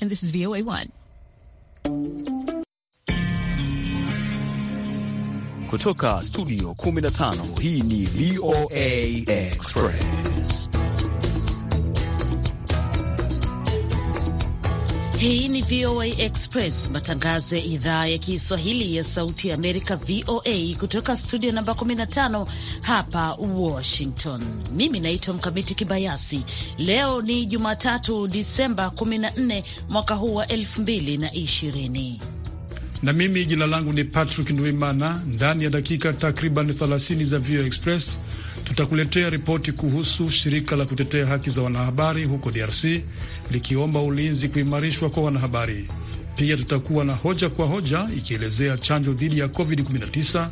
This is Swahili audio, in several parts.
and this is VOA1. Kutoka studio 15 hii ni VOA Express. Hii ni VOA Express, matangazo ya idhaa ya Kiswahili ya Sauti ya Amerika, VOA, kutoka studio namba 15 hapa Washington. Mimi naitwa Mkamiti Kibayasi. Leo ni Jumatatu, Disemba 14 mwaka huu wa 2020 na mimi jina langu ni Patrick Ndwimana. Ndani ya dakika takriban 30 za VOA Express Tutakuletea ripoti kuhusu shirika la kutetea haki za wanahabari huko DRC likiomba ulinzi kuimarishwa kwa wanahabari. Pia tutakuwa na hoja kwa hoja ikielezea chanjo dhidi ya COVID-19.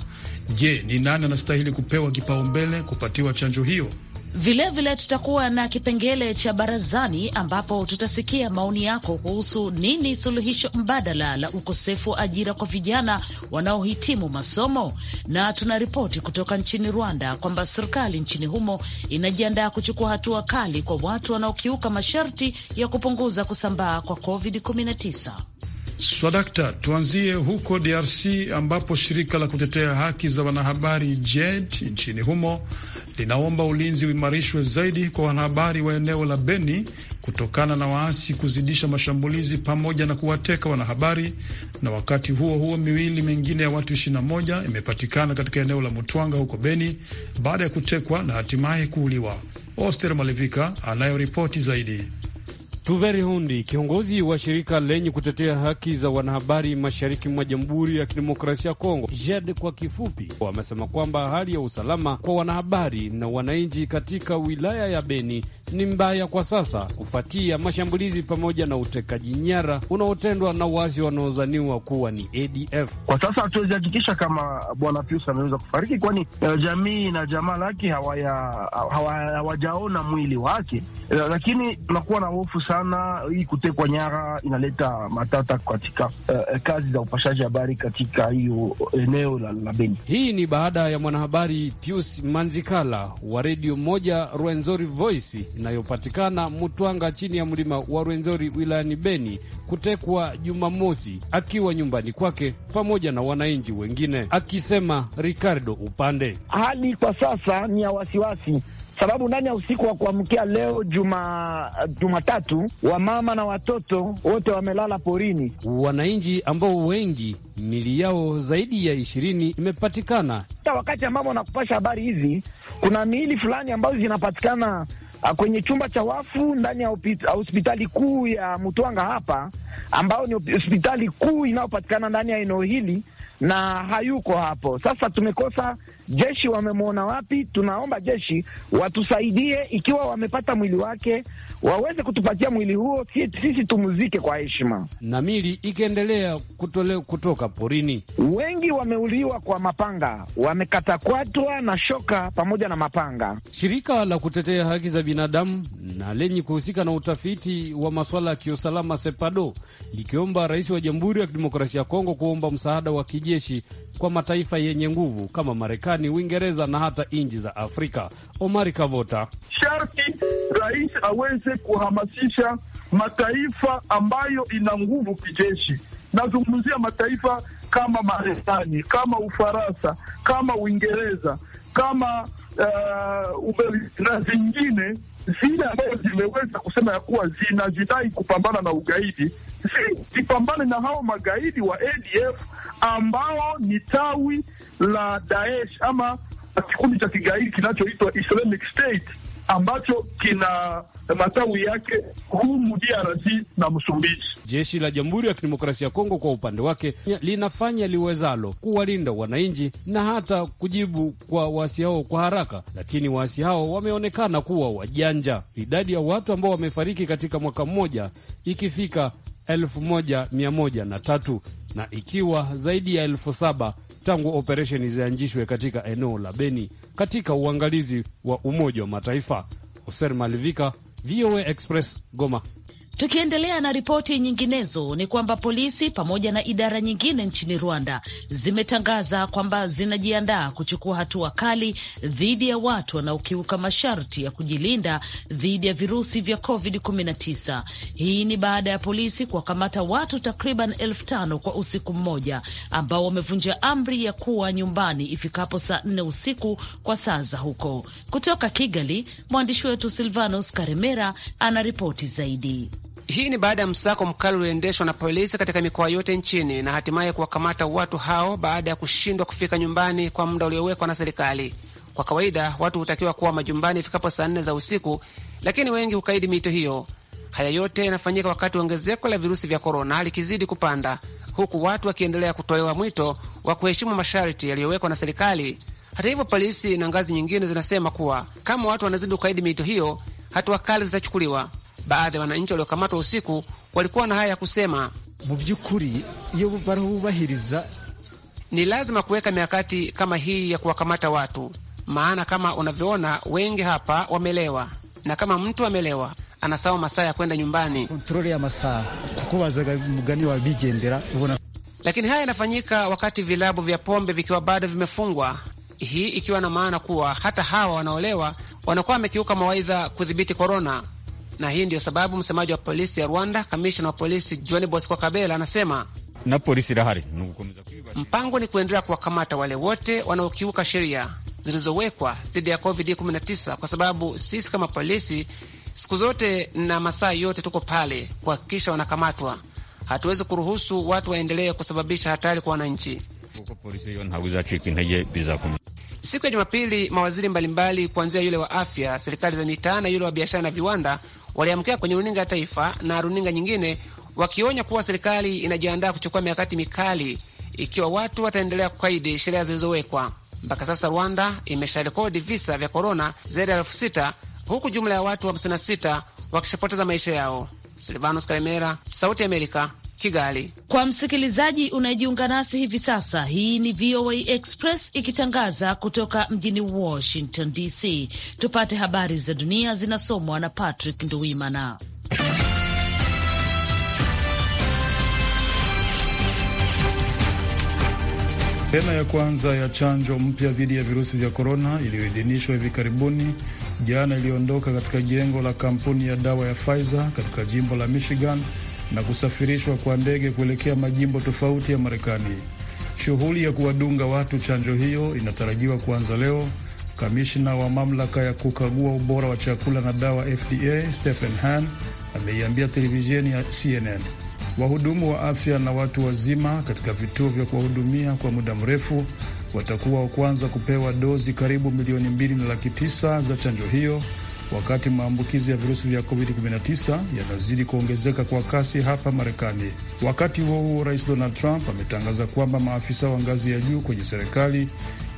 Je, ni nani anastahili kupewa kipaumbele kupatiwa chanjo hiyo? Vilevile tutakuwa na kipengele cha barazani, ambapo tutasikia maoni yako kuhusu nini suluhisho mbadala la ukosefu wa ajira kwa vijana wanaohitimu masomo. Na tuna ripoti kutoka nchini Rwanda kwamba serikali nchini humo inajiandaa kuchukua hatua kali kwa watu wanaokiuka masharti ya kupunguza kusambaa kwa COVID-19. Swadakta, tuanzie huko DRC ambapo shirika la kutetea haki za wanahabari JED nchini humo linaomba ulinzi uimarishwe zaidi kwa wanahabari wa eneo la Beni kutokana na waasi kuzidisha mashambulizi pamoja na kuwateka wanahabari. Na wakati huo huo, miwili mingine ya watu 21 imepatikana katika eneo la Mutwanga huko Beni baada ya kutekwa na hatimaye kuuliwa. Oster Malivika anayoripoti zaidi. Tuveri Hundi, kiongozi wa shirika lenye kutetea haki za wanahabari mashariki mwa Jamhuri ya Kidemokrasia ya Kongo, JED kwa kifupi, wamesema kwamba hali ya usalama kwa wanahabari na wananchi katika wilaya ya Beni ni mbaya kwa sasa kufuatia mashambulizi pamoja na utekaji nyara unaotendwa na waasi wanaozaniwa kuwa ni ADF. Kwa sasa hatuwezi hakikisha kama Bwana Pius ameweza kufariki, kwani uh, jamii na jamaa lake hawajaona mwili wake, uh, lakini tunakuwa na hofu sana. Hii kutekwa nyara inaleta matata katika uh, kazi za upashaji habari katika hiyo eneo la, la Beni. Hii ni baada ya mwanahabari Pius Manzikala wa redio moja Rwenzori Voice inayopatikana Mutwanga chini ya mlima wa Rwenzori wilayani Beni kutekwa Jumamosi akiwa nyumbani kwake pamoja na wananchi wengine, akisema Ricardo Upande, hali kwa sasa ni ya wasiwasi sababu ndani ya usiku wa kuamkia leo juma Jumatatu, wamama na watoto wote wamelala porini. Wananchi ambao wengi mili yao zaidi ya ishirini imepatikana. Hata wakati ambapo nakupasha habari hizi, kuna miili fulani ambazo zinapatikana Ah, kwenye chumba cha wafu ndani ya hospitali kuu ya Mutwanga hapa, ambao ni hospitali kuu inayopatikana ndani ya eneo hili na hayuko hapo. Sasa tumekosa jeshi, wamemwona wapi? Tunaomba jeshi watusaidie, ikiwa wamepata mwili wake waweze kutupatia mwili huo, sisi tumuzike kwa heshima. Na mili ikiendelea kutole kutoka porini, wengi wameuliwa kwa mapanga, wamekatakwatwa na shoka pamoja na mapanga. Shirika la kutetea haki za binadamu na lenye kuhusika na utafiti wa masuala ya kiusalama SEPADO likiomba rais wa Jamhuri ya Kidemokrasia ya Kongo kuomba msaada wa kijeshi kwa mataifa yenye nguvu kama Marekani, Uingereza na hata nchi za Afrika. Omari Kavota: sharti rais aweze kuhamasisha mataifa ambayo ina nguvu kijeshi. Nazungumzia mataifa kama Marekani, kama Ufaransa, kama Uingereza, kama uh, Ubelgiji na zingine zile ambazo zimeweza kusema ya kuwa zinajidai kupambana na ugaidi zipambane na hao magaidi wa ADF ambao ni tawi la Daesh ama kikundi cha kigaidi kinachoitwa Islamic State ambacho kina matawi yake humu DRC na Msumbiji. Jeshi la Jamhuri ya Kidemokrasia ya Kongo kwa upande wake linafanya liwezalo kuwalinda wananchi na hata kujibu kwa waasi hao kwa haraka, lakini waasi hao wameonekana kuwa wajanja. Idadi ya watu ambao wamefariki katika mwaka mmoja ikifika elfu moja mia moja na tatu na ikiwa zaidi ya elfu saba tangu operesheni zianjishwe katika eneo la Beni katika uangalizi wa Umoja wa Mataifa. Hoser Malivika, VOA Express, Goma. Tukiendelea na ripoti nyinginezo ni kwamba polisi pamoja na idara nyingine nchini Rwanda zimetangaza kwamba zinajiandaa kuchukua hatua kali dhidi ya watu wanaokiuka masharti ya kujilinda dhidi ya virusi vya COVID-19. Hii ni baada ya polisi kuwakamata watu takriban elfu tano kwa usiku mmoja ambao wamevunja amri ya kuwa nyumbani ifikapo saa nne usiku kwa saa za huko. Kutoka Kigali, mwandishi wetu Silvanus Karemera ana ripoti zaidi. Hii ni baada ya msako mkali ulioendeshwa na polisi katika mikoa yote nchini na hatimaye kuwakamata watu hao baada ya kushindwa kufika nyumbani kwa muda uliowekwa na serikali. Kwa kawaida watu hutakiwa kuwa majumbani ifikapo saa nne za usiku, lakini wengi hukaidi miito hiyo. Haya yote yanafanyika wakati ongezeko la virusi vya korona likizidi kupanda, huku watu wakiendelea kutolewa mwito wa kuheshimu masharti yaliyowekwa na serikali. Hata hivyo, polisi na ngazi nyingine zinasema kuwa kama watu wanazidi kukaidi miito hiyo, hatua kali zitachukuliwa. Baadhi ya wananchi waliokamatwa usiku walikuwa na haya ya kusema: mubyukuri iyo barahubahiriza, ni lazima kuweka mikakati kama hii ya kuwakamata watu, maana kama unavyoona wengi hapa wamelewa, na kama mtu amelewa anasawa masaa ya kwenda nyumbani kontrole ya masaa kukubazaga mugani wa bigendera ubona. Lakini haya yanafanyika wakati vilabu vya pombe vikiwa bado vimefungwa, hii ikiwa na maana kuwa hata hawa wanaolewa wanakuwa wamekiuka mawaidha kudhibiti korona na hii ndiyo sababu msemaji wa polisi ya Rwanda, kamishna wa polisi John Bosco Kabela anasema na polisi rahari, mpango ni kuendelea kuwakamata wale wote wanaokiuka sheria zilizowekwa dhidi ya COVID-19 kwa sababu sisi kama polisi siku zote na masaa yote tuko pale kuhakikisha wanakamatwa. Hatuwezi kuruhusu watu waendelee kusababisha hatari kwa wananchi. Siku ya Jumapili, mawaziri mbalimbali kuanzia yule wa afya, serikali za mitaa na yule wa biashara na viwanda waliamkia kwenye runinga ya taifa na runinga nyingine wakionya kuwa serikali inajiandaa kuchukua mikakati mikali ikiwa watu wataendelea kukaidi sheria zilizowekwa. Mpaka sasa Rwanda imesharekodi visa vya korona zaidi ya elfu sita huku jumla ya watu 56 wa wakishapoteza maisha yao. Silvanos Kalemera, Sauti ya Amerika, Kigali. Kwa msikilizaji unayejiunga nasi hivi sasa, hii ni VOA Express ikitangaza kutoka mjini Washington DC. Tupate habari za dunia zinasomwa na Patrick Nduwimana. Tena ya kwanza ya chanjo mpya dhidi ya virusi vya korona iliyoidhinishwa hivi karibuni jana iliondoka katika jengo la kampuni ya dawa ya Pfizer katika jimbo la Michigan na kusafirishwa kwa ndege kuelekea majimbo tofauti ya Marekani. Shughuli ya kuwadunga watu chanjo hiyo inatarajiwa kuanza leo. Kamishna wa mamlaka ya kukagua ubora wa chakula na dawa FDA Stephen Han ameiambia televisheni ya CNN wahudumu wa afya na watu wazima katika vituo vya kuwahudumia kwa muda mrefu watakuwa wa kwanza kupewa dozi karibu milioni mbili na laki tisa za chanjo hiyo wakati maambukizi ya virusi vya COVID-19 yanazidi kuongezeka kwa kasi hapa Marekani. Wakati huo huo, Rais Donald Trump ametangaza kwamba maafisa wa ngazi ya juu kwenye serikali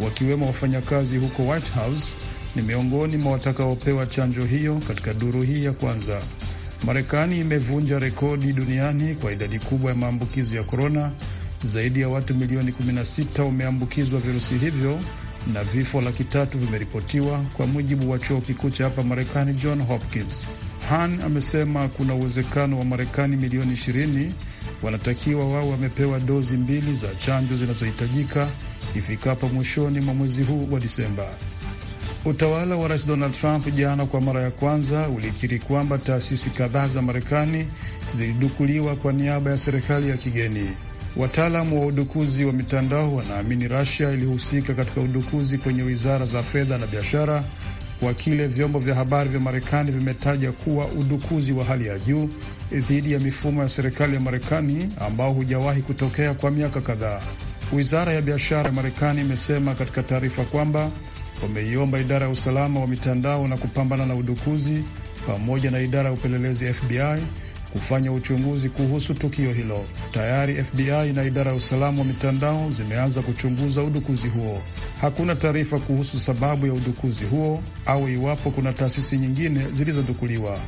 wakiwemo wafanyakazi huko White House ni miongoni mwa watakaopewa chanjo hiyo katika duru hii ya kwanza. Marekani imevunja rekodi duniani kwa idadi kubwa ya maambukizi ya korona. Zaidi ya watu milioni 16 wameambukizwa virusi hivyo na vifo laki tatu vimeripotiwa kwa mujibu wa chuo kikuu cha hapa Marekani John Hopkins. Han amesema kuna uwezekano wa Marekani milioni 20 wanatakiwa wao wamepewa dozi mbili za chanjo zinazohitajika ifikapo mwishoni mwa mwezi huu wa Disemba. Utawala wa Rais Donald Trump jana kwa mara ya kwanza ulikiri kwamba taasisi kadhaa za Marekani zilidukuliwa kwa niaba ya serikali ya kigeni. Wataalamu wa udukuzi wa mitandao wanaamini Russia ilihusika katika udukuzi kwenye wizara za fedha na biashara kwa kile vyombo vya habari vya Marekani vimetaja kuwa udukuzi wa hali ya juu dhidi ya mifumo ya serikali ya Marekani ambao hujawahi kutokea kwa miaka kadhaa. Wizara ya biashara ya Marekani imesema katika taarifa kwamba wameiomba idara ya usalama wa mitandao na kupambana na udukuzi pamoja na idara ya upelelezi FBI kufanya uchunguzi kuhusu tukio hilo. Tayari FBI na idara ya usalama wa mitandao zimeanza kuchunguza udukuzi huo. Hakuna taarifa kuhusu sababu ya udukuzi huo au iwapo kuna taasisi nyingine zilizodukuliwa.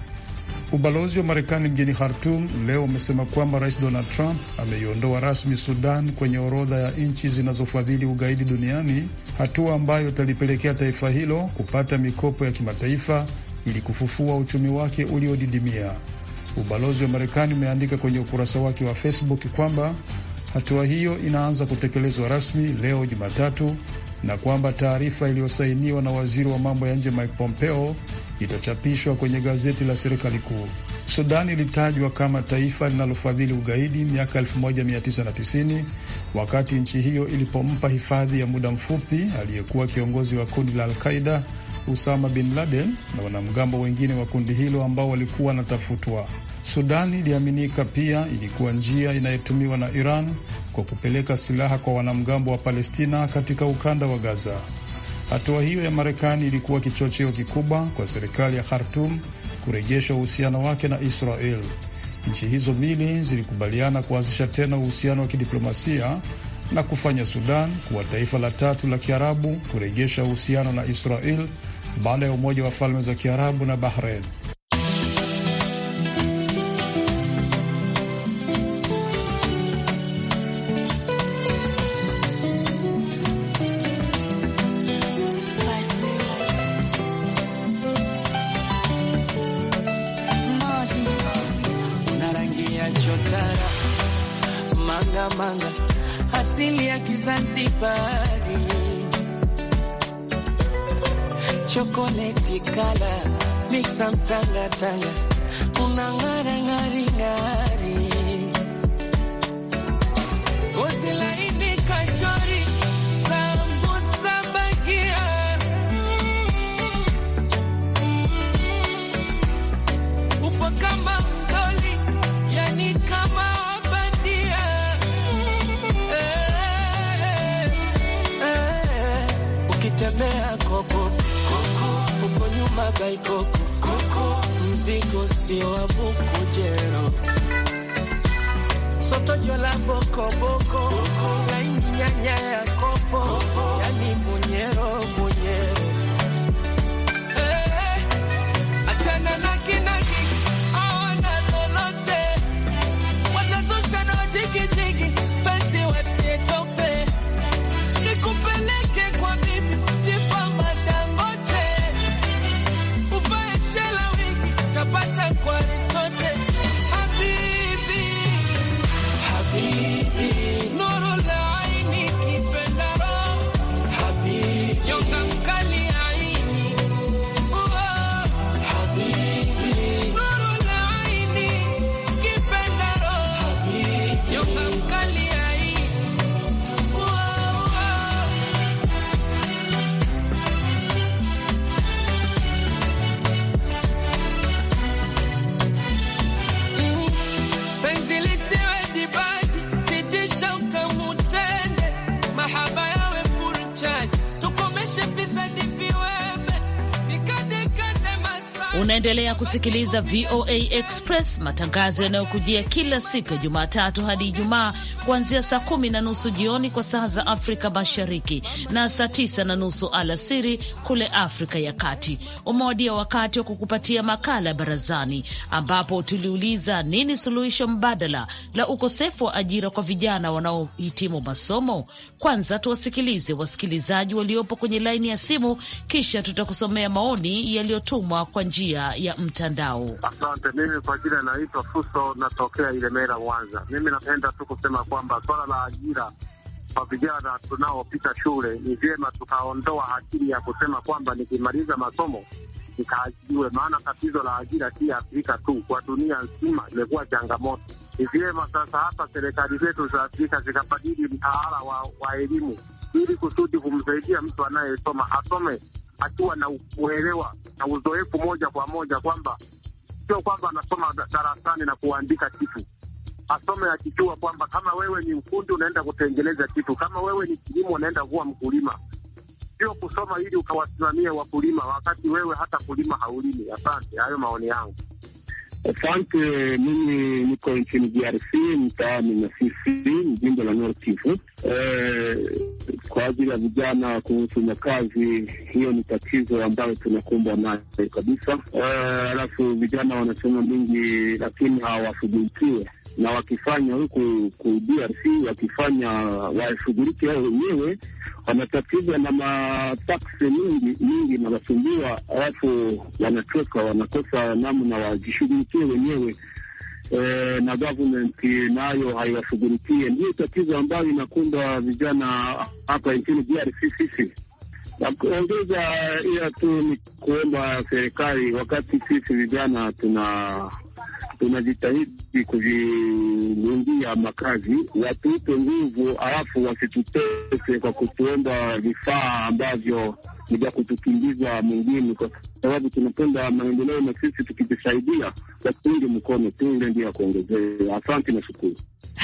Ubalozi wa Marekani mjini Khartum leo umesema kwamba Rais Donald Trump ameiondoa rasmi Sudan kwenye orodha ya nchi zinazofadhili ugaidi duniani, hatua ambayo italipelekea taifa hilo kupata mikopo ya kimataifa ili kufufua uchumi wake uliodidimia. Ubalozi wa Marekani umeandika kwenye ukurasa wake wa Facebook kwamba hatua hiyo inaanza kutekelezwa rasmi leo Jumatatu na kwamba taarifa iliyosainiwa na waziri wa mambo ya nje Mike Pompeo itachapishwa kwenye gazeti la serikali kuu. Sudani ilitajwa kama taifa linalofadhili ugaidi miaka 1990 wakati nchi hiyo ilipompa hifadhi ya muda mfupi aliyekuwa kiongozi wa kundi la alqaida Usama bin Laden na wanamgambo wengine wa kundi hilo ambao walikuwa wanatafutwa. Sudan iliaminika pia ilikuwa njia inayotumiwa na Iran kwa kupeleka silaha kwa wanamgambo wa Palestina katika ukanda wa Gaza. Hatua hiyo ya Marekani ilikuwa kichocheo kikubwa kwa serikali ya Khartum kurejesha uhusiano wake na Israel. Nchi hizo mbili zilikubaliana kuanzisha tena uhusiano wa kidiplomasia na kufanya Sudan kuwa taifa la tatu la Kiarabu kurejesha uhusiano na Israel baada ya Umoja wa Falme za Kiarabu na Bahrain. makala mix and tanga tanga Unaendelea kusikiliza VOA Express, matangazo yanayokujia kila siku ya Jumatatu hadi Ijumaa kuanzia saa kumi na nusu jioni kwa saa za Afrika Mashariki na saa tisa na nusu alasiri kule Afrika ya Kati. Umewadia wakati wa kukupatia makala ya Barazani, ambapo tuliuliza nini suluhisho mbadala la ukosefu wa ajira kwa vijana wanaohitimu masomo. Kwanza tuwasikilize wasikilizaji waliopo kwenye laini ya simu, kisha tutakusomea maoni yaliyotumwa kwa njia ya mtandao. Asante. Mimi kwa jina naitwa Fuso, natokea Ilemela, Mwanza. Mimi napenda tu kusema kwa kwamba swala la ajira kwa vijana tunaopita shule ni vyema tukaondoa akili ya kusema kwamba nikimaliza masomo nikaajiriwe, maana tatizo la ajira si Afrika tu, kwa dunia nzima imekuwa changamoto. Ni vyema sasa hapa serikali zetu za Afrika zikabadili mtaala wa, wa elimu ili kusudi kumsaidia mtu anayesoma asome akiwa na uelewa na uzoefu moja kwa moja, kwamba sio kwamba anasoma darasani na kuandika kitu asome akijua kwamba kama wewe ni mfundi unaenda kutengeneza kitu, kama wewe ni kilimo unaenda kuwa mkulima. Sio kusoma ili ukawasimamia wakulima wakati wewe hata kulima haulimi. Asante, hayo maoni yangu. Asante. Mimi niko nchini DRC mtaani Masisi, jimbo la nortv Kivu, eh, kwa ajili ya vijana kuhusu makazi. Hiyo ni tatizo ambayo tunakumbwa nayo kabisa. Halafu eh, vijana wanasema mingi, lakini hawashughulikiwe na wakifanya huku ku DRC, wakifanya washughuliki wao wenyewe, wanatatizwa na mataksi mingi mingi na wasumbua, alafu wanachoka, wanakosa namna wajishughulikie wenyewe. E, na government nayo haiwashughulikie. ndio tatizo ambayo inakumba vijana hapa nchini DRC sisi na kuongeza ila tu ni kuomba serikali, wakati sisi vijana tuna tunajitahidi kuvilungia makazi, watupe nguvu, alafu wasitutese kwa kutuomba vifaa ambavyo ni vya kutukimbiza mwingine, kwa sababu tunapenda maendeleo, na sisi tukijisaidia, watuunge mkono tu. Ile ndio ya kuongezea. Asante na shukuru.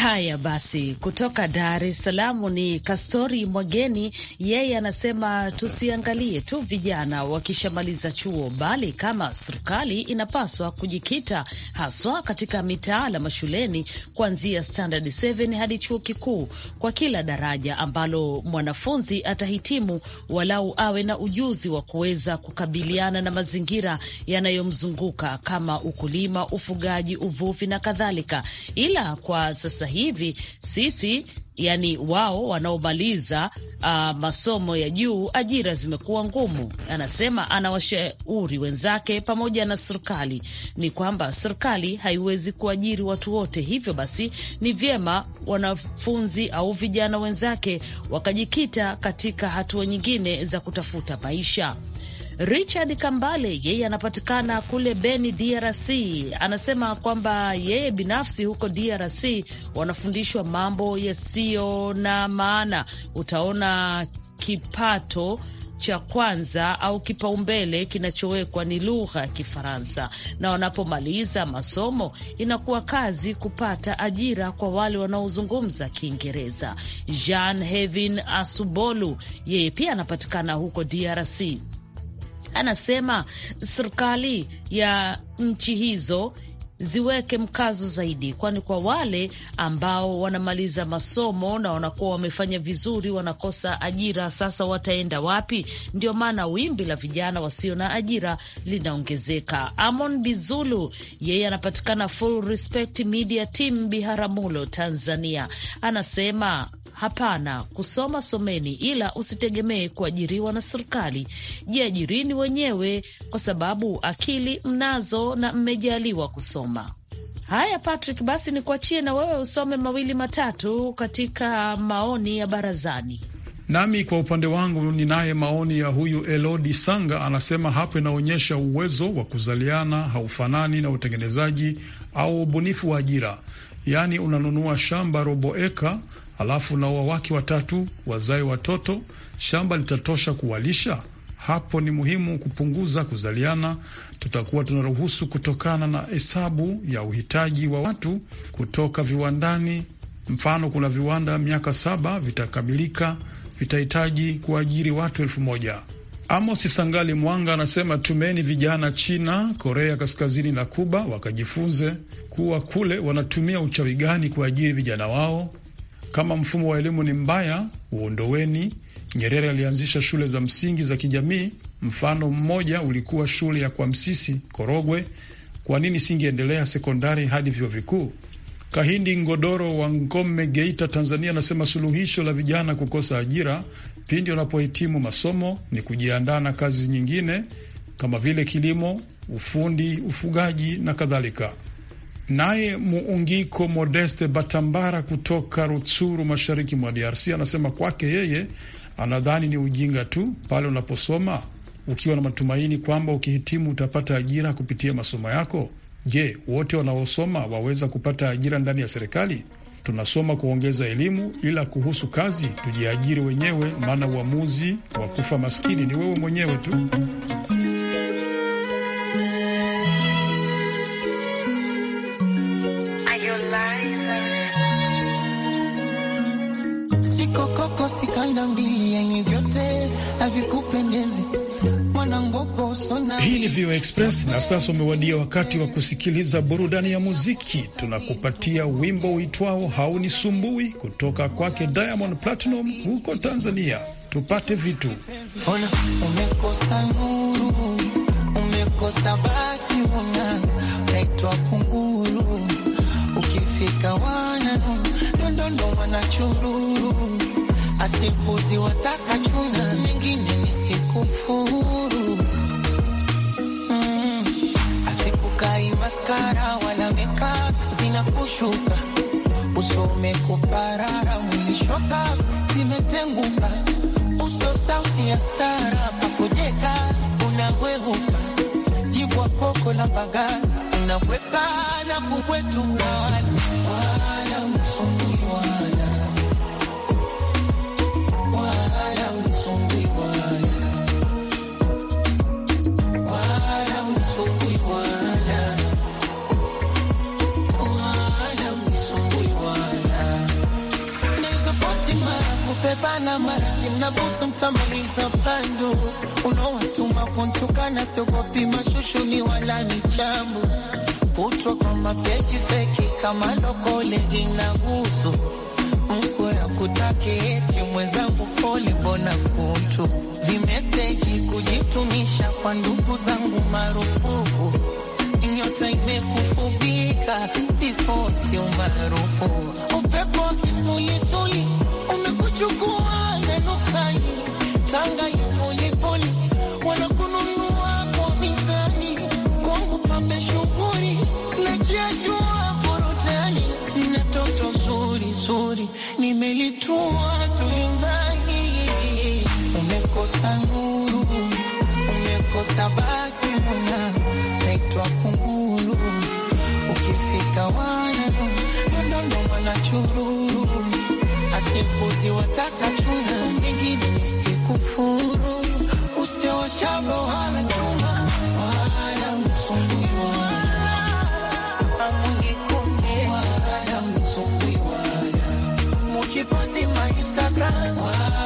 Haya basi, kutoka Dar es Salaam ni Kastori Mwageni. Yeye anasema tusiangalie tu vijana wakishamaliza chuo, bali kama serikali inapaswa kujikita haswa katika mitaala mashuleni kuanzia standard 7 hadi chuo kikuu, kwa kila daraja ambalo mwanafunzi atahitimu walau awe na ujuzi wa kuweza kukabiliana na mazingira yanayomzunguka kama ukulima, ufugaji, uvuvi na kadhalika. Ila kwa sasa hivi sisi yani wao wanaomaliza uh, masomo ya juu ajira zimekuwa ngumu. Anasema anawashauri wenzake pamoja na serikali ni kwamba serikali haiwezi kuajiri watu wote, hivyo basi ni vyema wanafunzi au vijana wenzake wakajikita katika hatua nyingine za kutafuta maisha. Richard Kambale yeye anapatikana kule Beni, DRC, anasema kwamba yeye binafsi huko DRC wanafundishwa mambo yasiyo na maana. Utaona kipato cha kwanza au kipaumbele kinachowekwa ni lugha ya Kifaransa, na wanapomaliza masomo inakuwa kazi kupata ajira kwa wale wanaozungumza Kiingereza. Jean Hevin Asubolu yeye pia anapatikana huko DRC anasema serikali ya nchi hizo ziweke mkazo zaidi, kwani kwa wale ambao wanamaliza masomo na wanakuwa wamefanya vizuri wanakosa ajira, sasa wataenda wapi? Ndio maana wimbi la vijana wasio na ajira linaongezeka. Amon Bizulu yeye anapatikana Full Respect Media Team, Biharamulo, Tanzania, anasema Hapana, kusoma someni, ila usitegemee kuajiriwa na serikali. Jiajirini wenyewe, kwa sababu akili mnazo na mmejaliwa kusoma. Haya, Patrick, basi nikuachie na wewe usome mawili matatu katika maoni ya barazani. Nami kwa upande wangu ninaye maoni ya huyu Elodi Sanga, anasema hapo inaonyesha uwezo wa kuzaliana haufanani na utengenezaji au ubunifu wa ajira, yaani unanunua shamba robo eka alafu naua wake watatu, wazae watoto, shamba litatosha kuwalisha? Hapo ni muhimu kupunguza kuzaliana. Tutakuwa tunaruhusu kutokana na hesabu ya uhitaji wa watu kutoka viwandani. Mfano, kuna viwanda miaka saba vitakamilika, vitahitaji kuajiri watu elfu moja. Amos Sangali Mwanga anasema tumeni vijana China, Korea Kaskazini na Kuba wakajifunze kuwa kule wanatumia uchawi gani kuajiri vijana wao kama mfumo wa elimu ni mbaya, uondoweni. Nyerere alianzisha shule za msingi za kijamii. Mfano mmoja ulikuwa shule ya kwa Msisi, Korogwe. Kwa nini singeendelea sekondari hadi vyuo vikuu? Kahindi Ngodoro wa Ngome, Geita, Tanzania, anasema suluhisho la vijana kukosa ajira pindi wanapohitimu masomo ni kujiandaa na kazi nyingine kama vile kilimo, ufundi, ufugaji na kadhalika. Naye Muungiko Modeste Batambara kutoka Rutsuru, mashariki mwa DRC, anasema kwake yeye anadhani ni ujinga tu pale unaposoma ukiwa na matumaini kwamba ukihitimu utapata ajira kupitia masomo yako. Je, wote wanaosoma waweza kupata ajira ndani ya serikali? Tunasoma kuongeza elimu, ila kuhusu kazi tujiajiri wenyewe, maana uamuzi wa kufa maskini ni wewe mwenyewe tu. Hii ni VOA Express na sasa umewadia wakati wa kusikiliza burudani ya muziki. Tunakupatia wimbo uitwao hauni sumbui kutoka kwake Diamond Platinum huko Tanzania. Tupate vitu umekosa nuru, umekosa una naitwa kunguru, ukifika wananu ndondondo wanachururu asipuzi wataka chuna mengine siku mm. Asikukai maskara wala meka zinakushuka usome kuparara mwishoka zimetenguka uso sauti ya stara pakujeka unawehuka jibwa koko la bagara unaweka na kuwetuka umebana mariti na busu mtamaliza pando unawatuma kuntukana, siogopi mashushu ni wala ni chambu kutwa kwa mapeji feki kama lokole inagusu mko ya kutake eti mwenzangu pole bona kutu vimeseji kujitumisha kwa ndugu zangu marufuku nyota imekufubika sifosi umaarufu upepo kisulisuli kukuchukua na nuksani Tanga yupolepole wanakununua kwa mizani na na toto nimelitua umekosa umekosa naitwa kunguru ukifika wana siwataka tuna mengine nisikufuru usiwashago wala chuma wala msumbua amungikumbesha wala msumbua muchiposti ma Instagram wala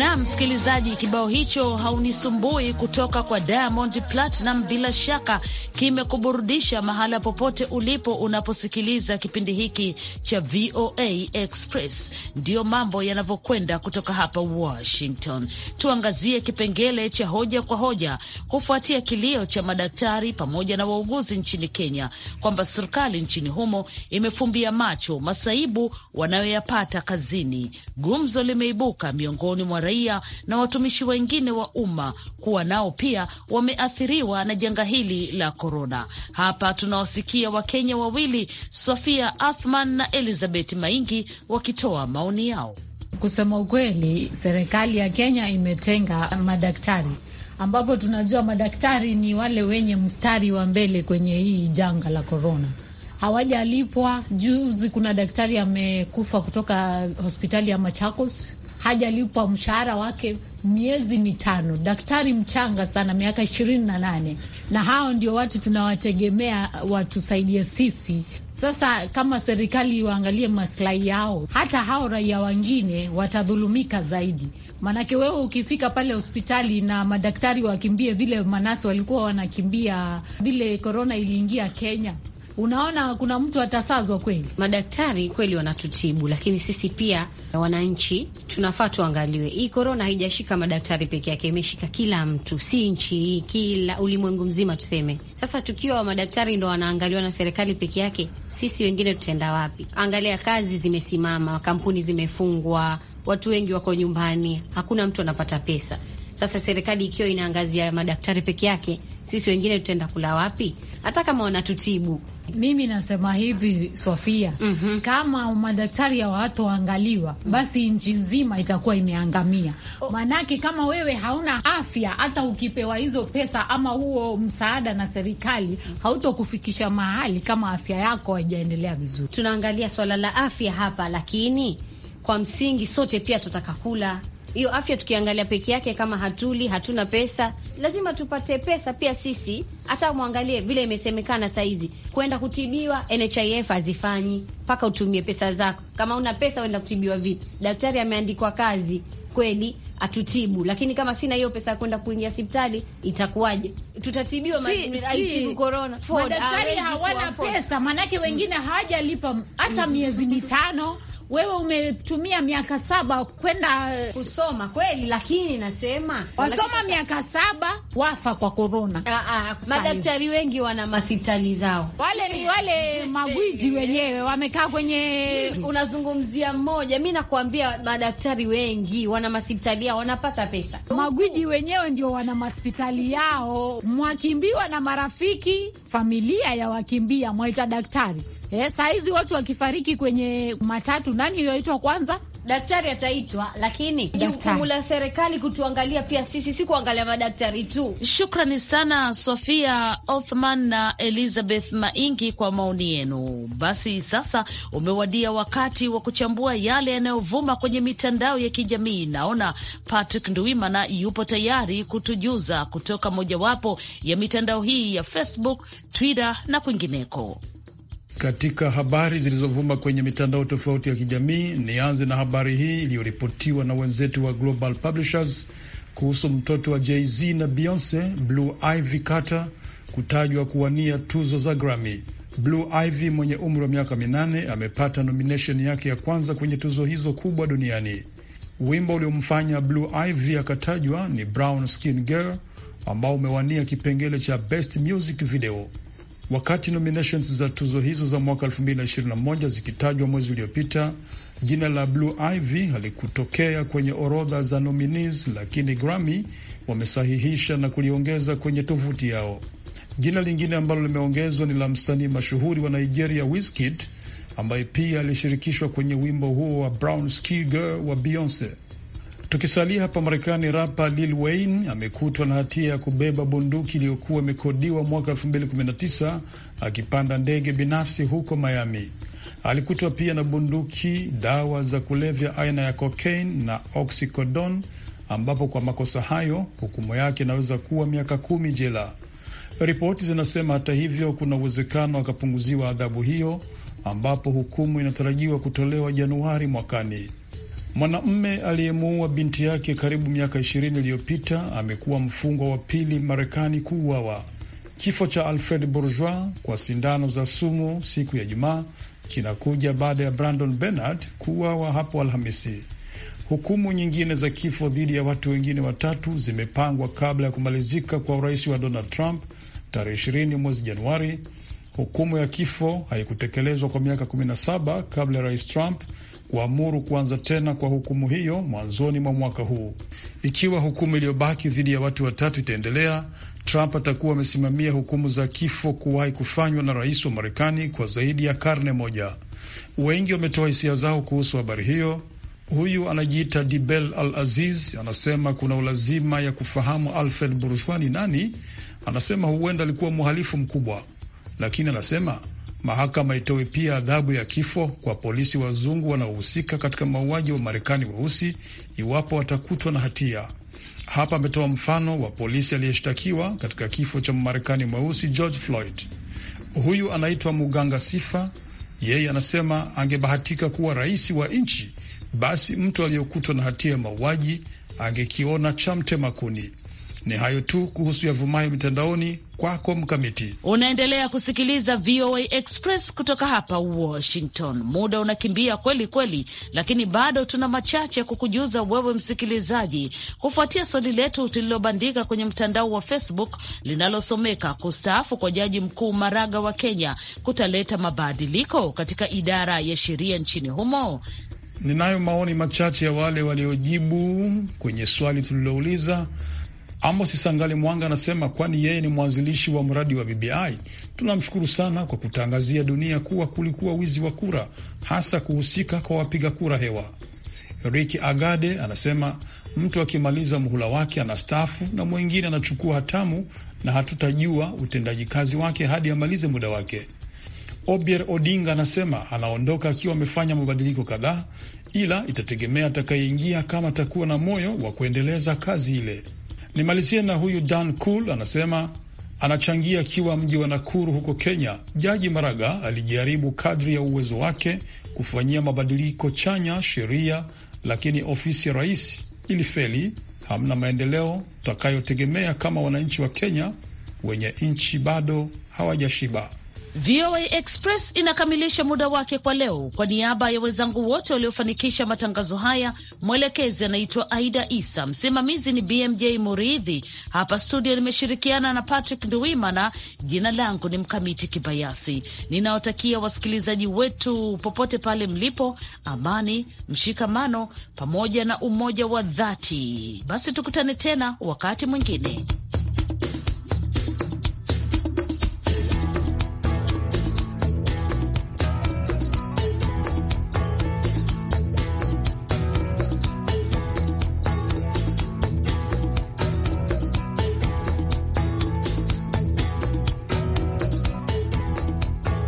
na msikilizaji, kibao hicho haunisumbui kutoka kwa Diamond Platinum, bila shaka kimekuburudisha mahala popote ulipo unaposikiliza kipindi hiki cha VOA Express. Ndiyo mambo yanavyokwenda kutoka hapa Washington. Tuangazie kipengele cha hoja kwa hoja, kufuatia kilio cha madaktari pamoja na wauguzi nchini Kenya kwamba serikali nchini humo imefumbia macho masaibu wanayoyapata kazini. Gumzo limeibuka miongoni mwa raia na watumishi wengine wa umma kuwa nao pia wameathiriwa na janga hili la korona. Hapa tunawasikia Wakenya wawili Sofia Athman na Elizabeth Maingi wakitoa maoni yao. Kusema ukweli, serikali ya Kenya imetenga madaktari ambapo tunajua madaktari ni wale wenye mstari wa mbele kwenye hii janga la korona. Hawajalipwa. Juzi kuna daktari amekufa kutoka hospitali ya Machakos hajalipwa mshahara wake miezi mitano. Daktari mchanga sana, miaka ishirini na nane, na hao ndio watu tunawategemea watusaidie sisi. Sasa kama serikali waangalie maslahi yao, hata hao raia wengine watadhulumika zaidi. Maanake wewe ukifika pale hospitali na madaktari wakimbie vile manasi walikuwa wanakimbia vile korona iliingia Kenya Unaona, kuna mtu atasazwa kweli. Madaktari kweli wanatutibu, lakini sisi pia wananchi tunafaa tuangaliwe. Hii korona haijashika madaktari peke yake, imeshika kila mtu, si nchi hii, kila ulimwengu mzima tuseme. Sasa tukiwa madaktari ndo wanaangaliwa na serikali peke yake, sisi wengine tutaenda wapi? Angalia, kazi zimesimama, kampuni zimefungwa, watu wengi wako nyumbani, hakuna mtu anapata pesa. Sasa serikali ikiwa inaangazia madaktari peke yake, sisi wengine tutaenda kula wapi, hata kama wanatutibu? Mimi nasema hivi Sofia, mm -hmm. Kama madaktari waangaliwa, basi nchi nzima itakuwa imeangamia. Maanake kama wewe hauna afya, hata ukipewa hizo pesa ama huo msaada na serikali, hautokufikisha mahali kama afya yako haijaendelea vizuri. Tunaangalia swala la afya hapa, lakini kwa msingi sote pia tutakakula hiyo afya tukiangalia peke yake, kama hatuli, hatuna pesa, lazima tupate pesa pia sisi. Hata mwangalie vile imesemekana saizi kwenda kutibiwa, NHIF hazifanyi mpaka utumie pesa zako. Kama una pesa, uenda kutibiwa vipi? Daktari ameandikwa kazi kweli atutibu, lakini kama sina hiyo pesa ya kwenda kuingia hospitali itakuwaje? Tutatibiwa maitibu korona, madaktari hawana pesa, maanake wengine hawajalipa hata miezi mitano wewe umetumia miaka saba kwenda eh, kusoma kweli, lakini nasema wasoma miaka saba wafa kwa korona. Ah, ah, madaktari wengi wana masipitali zao, wale ni wale magwiji wenyewe wamekaa kwenye. Unazungumzia mmoja, mi nakuambia madaktari wengi wana masipitali yao, wanapata pesa. Magwiji wenyewe ndio wana masipitali yao, mwakimbiwa na marafiki, familia ya wakimbia mwaita daktari Eh, saa hizi watu wakifariki kwenye matatu, nani iliyoitwa kwanza? Daktari ataitwa, lakini jukumu la serikali kutuangalia pia sisi, si kuangalia madaktari tu. Shukrani sana Sofia Othman na Elizabeth Maingi kwa maoni yenu. Basi sasa umewadia wakati wa kuchambua yale yanayovuma kwenye mitandao ya kijamii. Naona Patrick Nduimana yupo tayari kutujuza kutoka mojawapo ya mitandao hii ya Facebook, Twitter na kwingineko. Katika habari zilizovuma kwenye mitandao tofauti ya kijamii, nianze na habari hii iliyoripotiwa na wenzetu wa Global Publishers kuhusu mtoto wa Jay-Z na Beyonce, Blue Ivy Carter kutajwa kuwania tuzo za Grammy. Blue Ivy mwenye umri wa miaka minane amepata nomination yake ya kwanza kwenye tuzo hizo kubwa duniani. Wimbo uliomfanya Blue Ivy akatajwa ni Brown Skin Girl ambao umewania kipengele cha Best Music Video. Wakati nominations za tuzo hizo za mwaka 2021 zikitajwa mwezi uliopita, jina la Blue Ivy halikutokea kwenye orodha za nominees, lakini Grammy wamesahihisha na kuliongeza kwenye tovuti yao. Jina lingine ambalo limeongezwa ni la msanii mashuhuri wa Nigeria Wizkid ambaye pia alishirikishwa kwenye wimbo huo wa Brown Skin Girl wa Beyonce. Tukisalia hapa Marekani, rapa Lil Wayne amekutwa na hatia ya kubeba bunduki iliyokuwa imekodiwa mwaka 2019 akipanda ndege binafsi huko Miami. Alikutwa pia na bunduki, dawa za kulevya aina ya cocaine na oxycodone, ambapo kwa makosa hayo hukumu yake inaweza kuwa miaka kumi jela. Ripoti zinasema hata hivyo, kuna uwezekano akapunguziwa adhabu hiyo, ambapo hukumu inatarajiwa kutolewa Januari mwakani. Mwanamme aliyemuua binti yake karibu miaka ishirini iliyopita amekuwa mfungwa wa pili Marekani kuuawa. Kifo cha Alfred Bourgeois kwa sindano za sumu siku ya Jumaa kinakuja baada ya Brandon Bernard kuuawa hapo Alhamisi. Hukumu nyingine za kifo dhidi ya watu wengine watatu zimepangwa kabla ya kumalizika kwa urais wa Donald Trump tarehe ishirini mwezi Januari. Hukumu ya kifo haikutekelezwa kwa miaka 17 kabla ya rais Trump kuamuru kuanza tena kwa hukumu hiyo mwanzoni mwa mwaka huu. Ikiwa hukumu iliyobaki dhidi ya watu watatu itaendelea, Trump atakuwa amesimamia hukumu za kifo kuwahi kufanywa na rais wa Marekani kwa zaidi ya karne moja. Wengi wametoa hisia zao kuhusu habari hiyo. Huyu anajiita Dibel Al Aziz anasema kuna ulazima ya kufahamu Alfred Bourgeois ni nani. Anasema huenda alikuwa mhalifu mkubwa, lakini anasema Mahakama itoe pia adhabu ya kifo kwa polisi wazungu wanaohusika katika mauaji wa Marekani weusi iwapo watakutwa na hatia. Hapa ametoa mfano wa polisi aliyeshtakiwa katika kifo cha Mmarekani mweusi George Floyd. Huyu anaitwa Muganga Sifa. Yeye anasema angebahatika kuwa rais wa nchi, basi mtu aliyokutwa na hatia ya mauaji angekiona cha mtema kuni. Ni hayo tu kuhusu yavumayo mitandaoni. Kwako Mkamiti. Unaendelea kusikiliza VOA Express kutoka hapa Washington. Muda unakimbia kweli kweli, lakini bado tuna machache kukujuza wewe msikilizaji, kufuatia swali letu tulilobandika kwenye mtandao wa Facebook linalosomeka kustaafu kwa Jaji Mkuu Maraga wa Kenya kutaleta mabadiliko katika idara ya sheria nchini humo. Ninayo maoni machache ya wale waliojibu kwenye swali tulilouliza Amos Sangali Mwanga anasema kwani yeye ni mwanzilishi wa mradi wa BBI. Tunamshukuru sana kwa kutangazia dunia kuwa kulikuwa wizi wa kura, hasa kuhusika kwa wapiga kura hewa. Riki Agade anasema mtu akimaliza muhula wake anastaafu na mwingine anachukua hatamu, na hatutajua utendaji kazi wake hadi amalize muda wake. Obier Odinga anasema anaondoka akiwa amefanya mabadiliko kadhaa, ila itategemea atakayeingia kama atakuwa na moyo wa kuendeleza kazi ile. Nimalizie na huyu Dan Cool anasema anachangia akiwa mji wa Nakuru huko Kenya. Jaji Maraga alijaribu kadri ya uwezo wake kufanyia mabadiliko chanya sheria, lakini ofisi ya rais ilifeli. Hamna maendeleo tutakayotegemea kama wananchi wa Kenya wenye nchi bado hawajashiba. VOA Express inakamilisha muda wake kwa leo. Kwa niaba ya wenzangu wote waliofanikisha matangazo haya, mwelekezi anaitwa Aida Isa, msimamizi ni BMJ Muridhi. Hapa studio nimeshirikiana na Patrick Nduwimana. Jina langu ni Mkamiti Kibayasi. Ninawatakia wasikilizaji wetu popote pale mlipo amani, mshikamano pamoja na umoja wa dhati. Basi tukutane tena wakati mwingine.